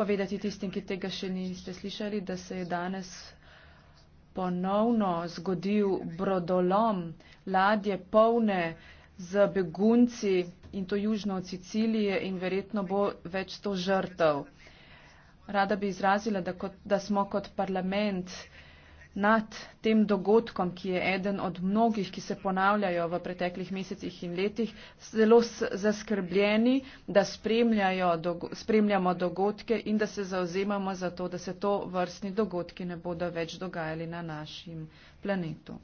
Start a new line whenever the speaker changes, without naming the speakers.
povedati tistim, ki tega še niste slišali, da se je danes ponovno zgodil brodolom, ladje polne z begunci in to južno od Sicilije in verjetno bo več to žrtev. Rada bi izrazila, da, kot, da smo kot parlament nad tem dogodkom, ki je eden od mnogih, ki se ponavljajo v preteklih mesecih in letih, zelo zaskrbljeni, da spremljajo, dogo spremljamo dogodke in da se zauzemamo za to, da se to vrstni dogodki ne bodo več dogajali na našem
planetu.